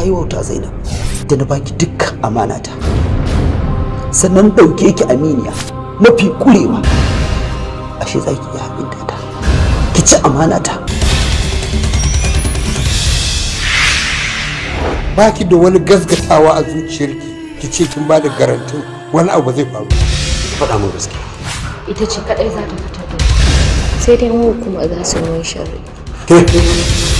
na yi wauta zainab da na baki dukkan ta sannan dauke ki aminiya mafi kurewa ashe za ki iya da ta ki ci amana ba ki da wani gasgatawa a zuciyarki ki ce kin ba da garantin wani abu zai faru faɗa min gaske ita ce kaɗai za ta fitar da sai dai mu kuma za su wani sharri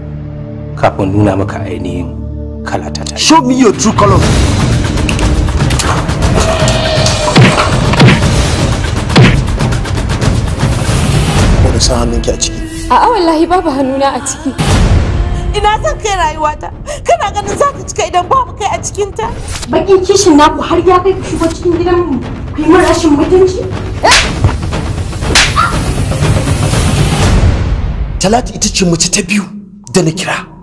kafin nuna maka ainihin kalata ta show me your true color wani sa hannunki a ciki a'a wallahi babu hannuna a ciki ina son kai rayuwata kana ganin za ka cika idan babu kai a cikinta bakin kishin naku har ya kai ku shigo cikin gidanmu ku yi min rashin mutunci Talatu ita ce mace ta biyu da na kira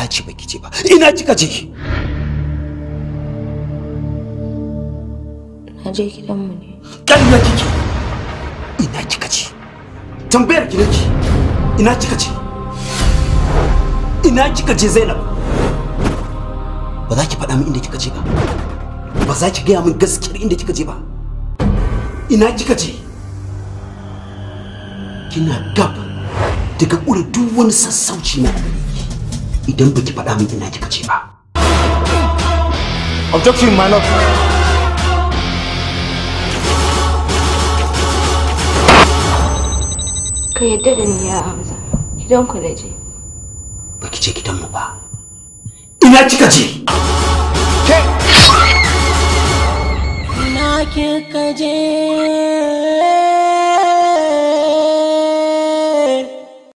ta ce baki ce ba ina kika je na je mu ne ƙarya kike ina kika ce tambayar ki nake ina kika ce ina kika je Zainab ba za ki faɗa min inda kika je ba ba za ki gaya min gaskiyar inda kika je ba ina kika je kina gab daga ƙure duk wani sassauci na idan baki faɗa min ina kika ce ba objection my lord ka yadda da ni ya Hamza, gidan ku da je baki ce gidan mu ba ina kika je ke ina kika je